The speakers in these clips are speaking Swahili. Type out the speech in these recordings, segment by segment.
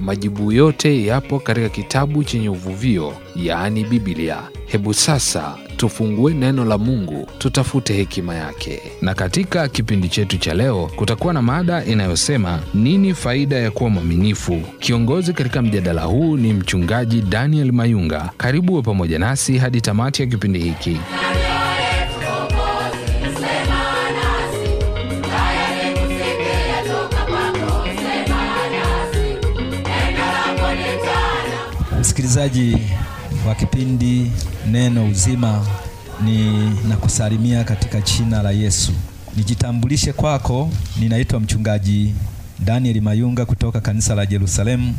Majibu yote yapo katika kitabu chenye uvuvio, yaani Biblia. Hebu sasa tufungue neno la Mungu, tutafute hekima yake. Na katika kipindi chetu cha leo kutakuwa na mada inayosema nini faida ya kuwa mwaminifu. Kiongozi katika mjadala huu ni mchungaji Daniel Mayunga. Karibu pamoja nasi hadi tamati ya kipindi hiki. Msikilizaji wa kipindi Neno Uzima, ni nakusalimia katika jina la Yesu. Nijitambulishe kwako, ninaitwa mchungaji Daniel Mayunga kutoka kanisa la Jerusalemu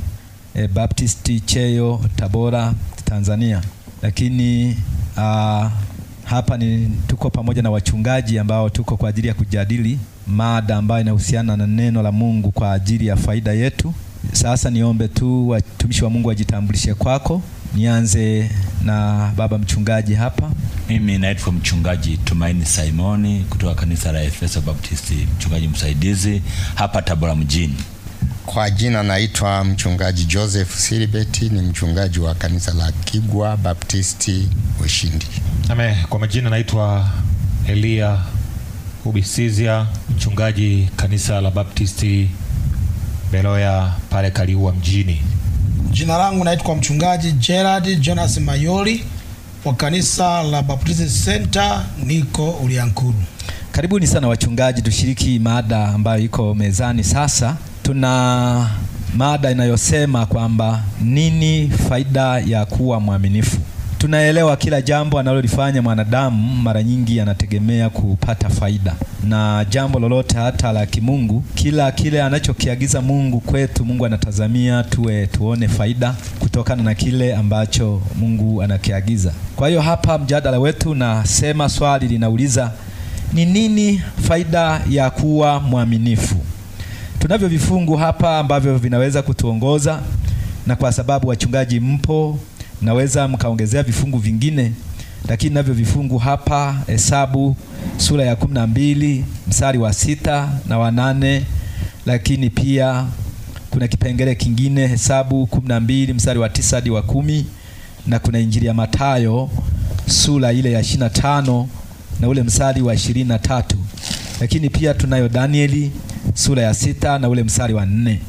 e, eh, Baptisti Cheyo, Tabora, Tanzania. Lakini a, ah, hapa ni tuko pamoja na wachungaji ambao tuko kwa ajili ya kujadili mada ambayo inahusiana na neno la Mungu kwa ajili ya faida yetu sasa niombe tu watumishi wa Mungu wajitambulishe kwako. Nianze na baba mchungaji hapa. Mimi naitwa mchungaji Tumaini Simoni kutoka kanisa la Efeso Baptisti, mchungaji msaidizi hapa Tabora mjini. Kwa jina naitwa mchungaji Joseph Silibeti, ni mchungaji wa kanisa la Kigwa Baptisti Ushindi. Ame, Kwa majina naitwa Elia Ubisizia, mchungaji kanisa la Baptisti Beloya pale Kaliua mjini. Jina langu naitwa mchungaji Gerard Jonas mayori wa kanisa la Baptist Center niko Uliankuru. Karibuni sana wachungaji, tushiriki mada ambayo iko mezani sasa. Tuna mada inayosema kwamba nini faida ya kuwa mwaminifu. Tunaelewa kila jambo analolifanya mwanadamu mara nyingi anategemea kupata faida, na jambo lolote hata la kimungu, kila kile anachokiagiza Mungu kwetu, Mungu anatazamia tuwe tuone faida kutokana na kile ambacho Mungu anakiagiza. Kwa hiyo hapa mjadala wetu nasema, swali linauliza ni nini faida ya kuwa mwaminifu? Tunavyo vifungu hapa ambavyo vinaweza kutuongoza, na kwa sababu wachungaji mpo Naweza mkaongezea vifungu vingine, lakini navyo vifungu hapa Hesabu sura ya kumi na mbili mstari wa sita na wanane, lakini pia kuna kipengele kingine Hesabu kumi na mbili mstari wa tisa hadi wa kumi na kuna Injili ya Matayo sura ile ya ishirini na tano na ule mstari wa ishirini na tatu lakini pia tunayo Danieli sura ya sita na ule mstari wa nne.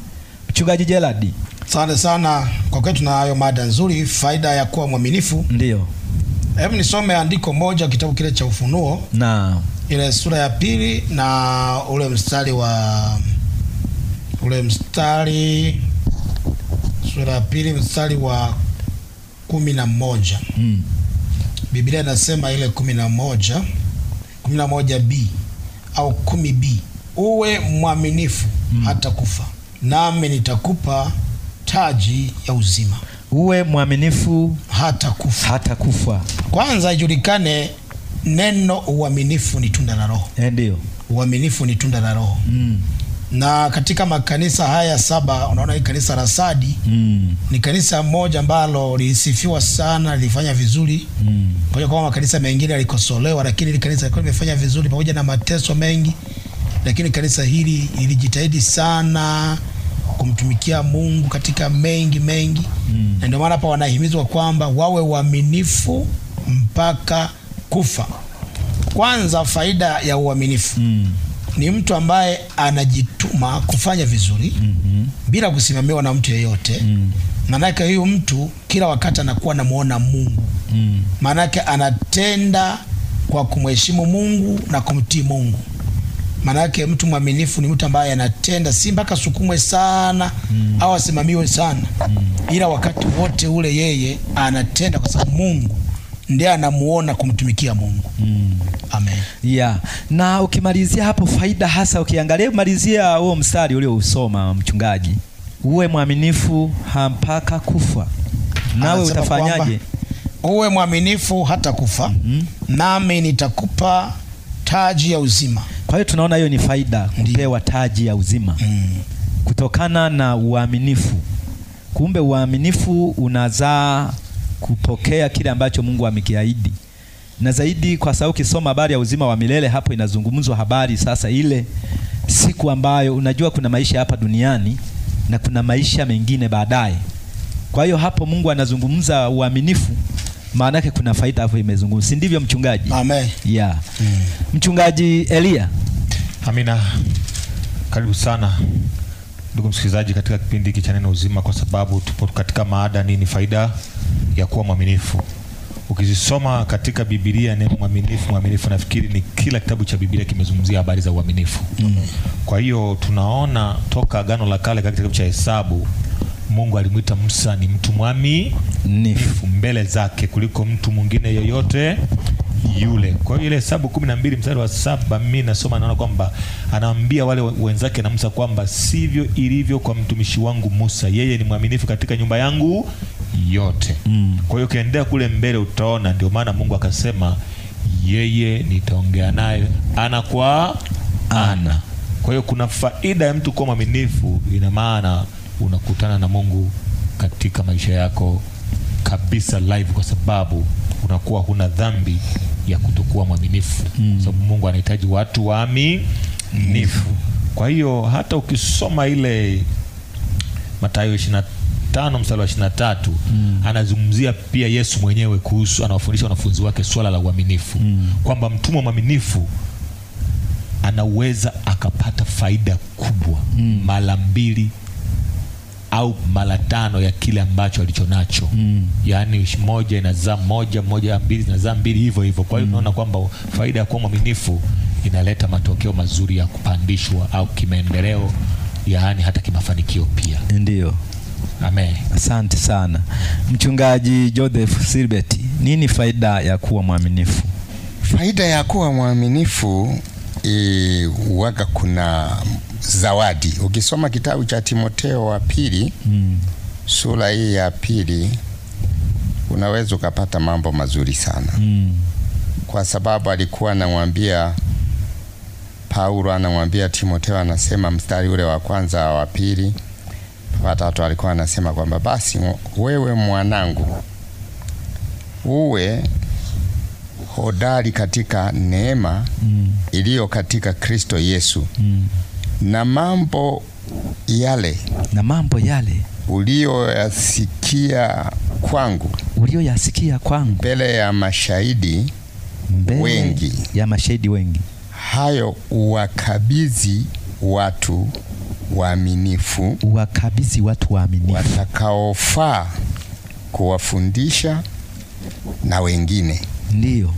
Mchungaji Jeladi, Asante sana kwa kweli, tuna mada nzuri, faida ya kuwa mwaminifu. Ndio, hebu nisome andiko moja, kitabu kile cha Ufunuo na ile sura ya pili na ule mstari wa ule mstari sura ya pili mstari wa kumi na moja. Mm. Biblia inasema ile kumi na moja kumi na moja b au kumi b uwe mwaminifu mm. hata kufa nami nitakupa taji ya uzima. Uwe mwaminifu hata kufa, hata kufa. Kwanza ijulikane neno uaminifu ni tunda la Roho. Eh, ndio, uaminifu ni tunda la Roho mm. Na katika makanisa haya saba unaona hii kanisa la Sadi mm. ni kanisa moja ambalo lilisifiwa sana, lilifanya vizuri mm. kwa kwamba makanisa mengine yalikosolewa, lakini hili kanisa lilikuwa limefanya vizuri pamoja na mateso mengi, lakini kanisa hili lilijitahidi sana kumtumikia Mungu katika mengi mengi mm. na ndio maana hapa wanahimizwa kwamba wawe waaminifu mpaka kufa. Kwanza, faida ya uaminifu mm. ni mtu ambaye anajituma kufanya vizuri mm -hmm. bila kusimamiwa na mtu yeyote mm. maanake huyu mtu kila wakati anakuwa anamwona Mungu mm. maanake anatenda kwa kumheshimu Mungu na kumtii Mungu Maanake mtu mwaminifu ni mtu ambaye anatenda, si mpaka sukumwe sana mm. au asimamiwe sana mm. ila wakati wote ule yeye anatenda, kwa sababu Mungu ndiye anamuona kumtumikia Mungu mm. Amen. Yeah. Na ukimalizia hapo faida hasa ukiangalia malizia huo mstari uliousoma mchungaji, uwe mwaminifu hampaka kufa, nawe utafanyaje? Uwe mwaminifu hata kufa mm -hmm. nami nitakupa taji ya uzima. Kwa hiyo tunaona hiyo ni faida, kupewa taji ya uzima mm. kutokana na uaminifu. Kumbe uaminifu unazaa kupokea kile ambacho Mungu amekiahidi, na zaidi kwa sababu ukisoma habari ya uzima wa milele hapo inazungumzwa habari sasa ile siku ambayo unajua kuna maisha hapa duniani na kuna maisha mengine baadaye. Kwa hiyo hapo Mungu anazungumza uaminifu maana yake kuna faida hapo imezungumza, si ndivyo mchungaji? Amen. Yeah. Mm. Mchungaji Elia. Amina. Karibu sana ndugu msikilizaji katika kipindi hiki cha neno uzima, kwa sababu tupo katika maada nini, faida ya kuwa mwaminifu. Ukizisoma katika Biblia neno mwaminifu, mwaminifu, nafikiri ni kila kitabu cha Biblia kimezungumzia habari za uaminifu. Mm. Kwa hiyo tunaona toka Agano la Kale katika kitabu cha Hesabu Mungu alimwita Musa ni mtu mwaminifu mbele zake kuliko mtu mwingine yoyote yule. Kwa hiyo ile Hesabu kumi na mbili mstari wa saba mi nasoma, naona kwamba anawambia wale wenzake na Musa kwamba sivyo ilivyo kwa mtumishi wangu Musa, yeye ni mwaminifu katika nyumba yangu yote mm. Kwa hiyo ukiendelea kule mbele utaona, ndio maana Mungu akasema yeye nitaongea naye ana kwa ana. Kwa hiyo kuna faida ya mtu kuwa mwaminifu, ina maana unakutana na Mungu katika maisha yako kabisa live, kwa sababu unakuwa huna dhambi ya kutokuwa mwaminifu mm. Sababu Mungu anahitaji watu waaminifu. Kwa hiyo hata ukisoma ile Mathayo 25 mstari wa 23 mm. anazungumzia pia Yesu mwenyewe kuhusu, anawafundisha wanafunzi wake swala la uaminifu mm. kwamba mtumwa mwaminifu anaweza akapata faida kubwa mm. mara mbili au mara tano ya kile ambacho alichonacho mm. Yaani moja inazaa moja, moja mbili inazaa mbili, hivyo hivyo. Kwa hiyo mm. unaona kwamba faida ya kuwa mwaminifu inaleta matokeo mazuri ya kupandishwa au kimaendeleo, yaani hata kimafanikio pia. Ndiyo. Amen. Asante sana Mchungaji Joseph Silbeti, nini faida ya kuwa mwaminifu? Faida ya kuwa mwaminifu e, waga kuna zawadi. Ukisoma kitabu cha Timoteo wa pili mm. sura hii ya pili unaweza ukapata mambo mazuri sana mm. kwa sababu alikuwa anamwambia Paulo anamwambia Timoteo, anasema mstari ule wa kwanza wa pili watatu, alikuwa anasema kwamba basi wewe mwanangu uwe hodari katika neema mm. iliyo katika Kristo Yesu mm. na mambo yale na mambo yale uliyoyasikia kwangu uliyoyasikia kwangu mbele ya mashahidi mbele wengi ya mashahidi wengi, hayo uwakabidhi watu waaminifu, uwakabidhi watu waaminifu watakaofaa kuwafundisha na wengine. ndio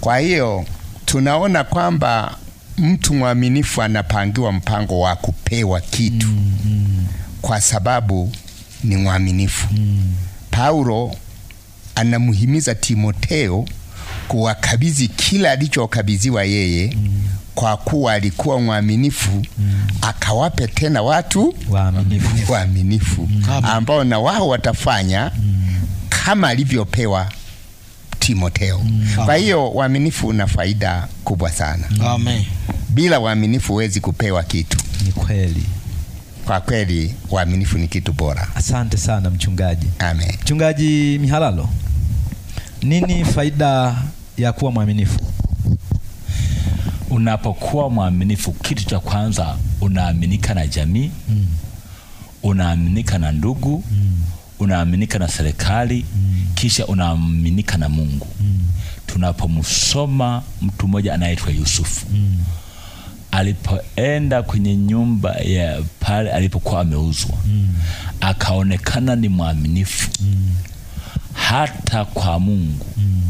kwa hiyo tunaona kwamba mtu mwaminifu anapangiwa mpango wa kupewa kitu mm, kwa sababu ni mwaminifu mm. Paulo anamhimiza Timoteo kuwakabidhi kila alichokabidhiwa yeye mm. kwa kuwa alikuwa mwaminifu mm. akawape tena watu waaminifu, waaminifu. Mm. ambao na wao watafanya mm. kama alivyopewa Timoteo. Mm. Kwa hiyo uaminifu una faida kubwa sana. Amen. Bila uaminifu huwezi kupewa kitu. Ni kweli. Kwa kweli uaminifu ni kitu bora. Asante sana mchungaji. Amen. Mchungaji Mihalalo, nini faida ya kuwa mwaminifu? Unapokuwa mwaminifu, kitu cha kwanza unaaminika na jamii mm. Unaaminika na ndugu mm. Unaaminika na serikali mm kuhakikisha unaaminika na Mungu mm. Tunapomsoma mtu mmoja anaitwa Yusufu mm. alipoenda kwenye nyumba ya pale alipokuwa ameuzwa mm. akaonekana ni mwaminifu mm. hata kwa Mungu mm.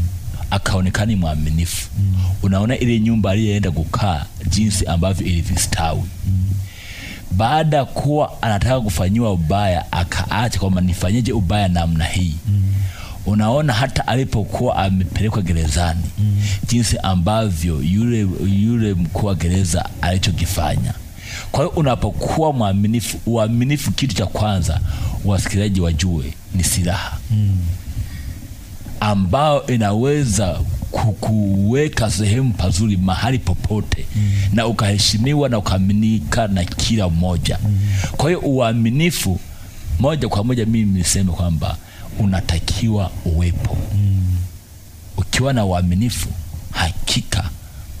akaonekana ni mwaminifu mm. Unaona ile nyumba aliyeenda kukaa jinsi ambavyo ilivistawi mm. Baada ya kuwa anataka kufanyiwa ubaya, akaacha kwamba nifanyeje ubaya namna hii mm unaona hata alipokuwa amepelekwa gerezani mm. jinsi ambavyo yule, yule mkuu wa gereza alichokifanya. Kwa hiyo unapokuwa mwaminifu, uaminifu kitu cha kwanza wasikilizaji wajue ni silaha mm. Mm-hmm. ambayo inaweza kukuweka sehemu pazuri mahali popote mm. na ukaheshimiwa na ukaaminika na kila mmoja mm. kwa hiyo uaminifu moja kwa moja, mimi niseme kwamba unatakiwa uwepo mm. Ukiwa na uaminifu, hakika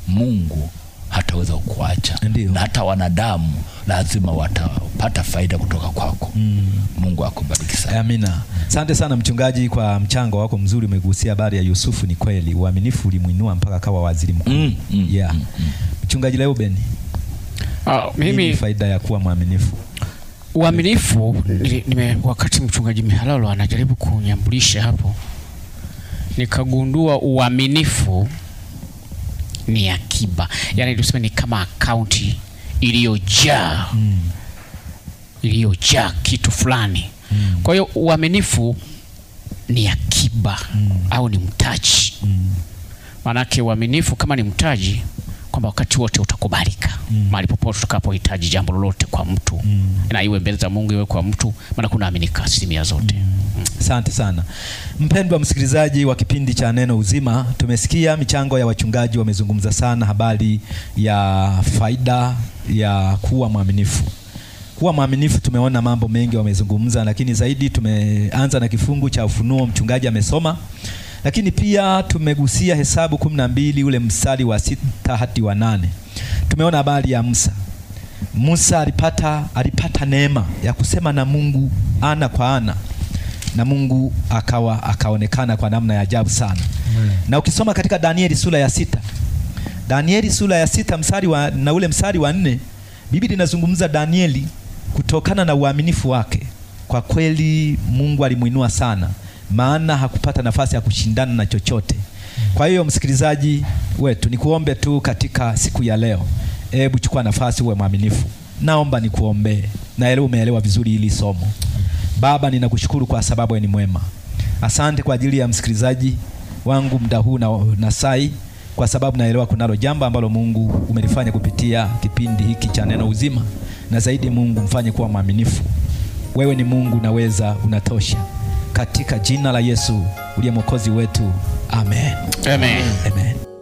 Mungu hataweza kukuacha, na hata wanadamu lazima watapata faida kutoka kwako mm. Mungu akubariki sana. Amina. Asante sana mchungaji kwa mchango wako mzuri, umegusia habari ya Yusufu. Ni kweli uaminifu ulimwinua mpaka akawa waziri mkuu mm, mm, yeah. mm, mm. Mchungaji Reuben, ah, mimi faida ya kuwa mwaminifu Uaminifu nime, wakati mchungaji Mihalalo anajaribu kunyambulisha hapo, nikagundua uaminifu ni akiba, yaani tuseme ni kama akaunti iliyojaa mm. iliyojaa kitu fulani mm. kwa hiyo uaminifu ni akiba mm. au ni mtaji mm. maanake uaminifu kama ni mtaji kwamba wakati wote utakubalika mm. mahali popote utakapohitaji jambo lolote kwa mtu mm. na iwe mbele za Mungu iwe kwa mtu, maana kuna kunaaminika asilimia zote mm. mm. Asante mm. sana mpendwa msikilizaji wa kipindi cha Neno Uzima, tumesikia michango ya wachungaji, wamezungumza sana habari ya faida ya kuwa mwaminifu kuwa mwaminifu. Tumeona mambo mengi wamezungumza, lakini zaidi tumeanza na kifungu cha Ufunuo. Mchungaji amesoma lakini pia tumegusia Hesabu kumi na mbili ule msali wa sita hadi wa nane. Tumeona habari ya Musa. Musa alipata, alipata neema ya kusema na Mungu ana kwa ana na Mungu akawa akaonekana kwa namna ya ajabu sana. Mm. Na ukisoma katika Danieli sura ya sita Danieli sura ya sita msali wa, na ule msali wa nne Biblia inazungumza Danieli kutokana na uaminifu wake. Kwa kweli Mungu alimwinua sana maana hakupata nafasi ya kushindana na chochote. Kwa hiyo msikilizaji wetu, nikuombe tu katika siku ya leo, hebu chukua nafasi, uwe mwaminifu. Naomba nikuombee. Naelewa umeelewa vizuri hili somo. Baba, ninakushukuru kwa sababu ni mwema. Asante kwa ajili ya msikilizaji wangu muda huu na, na sai kwa sababu naelewa kunalo jambo ambalo Mungu umelifanya kupitia kipindi hiki cha neno uzima, na zaidi Mungu mfanye kuwa mwaminifu. Wewe ni Mungu, naweza, unatosha katika jina la Yesu uliye mwokozi wetu, amen, amen. amen. amen.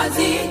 Aziz.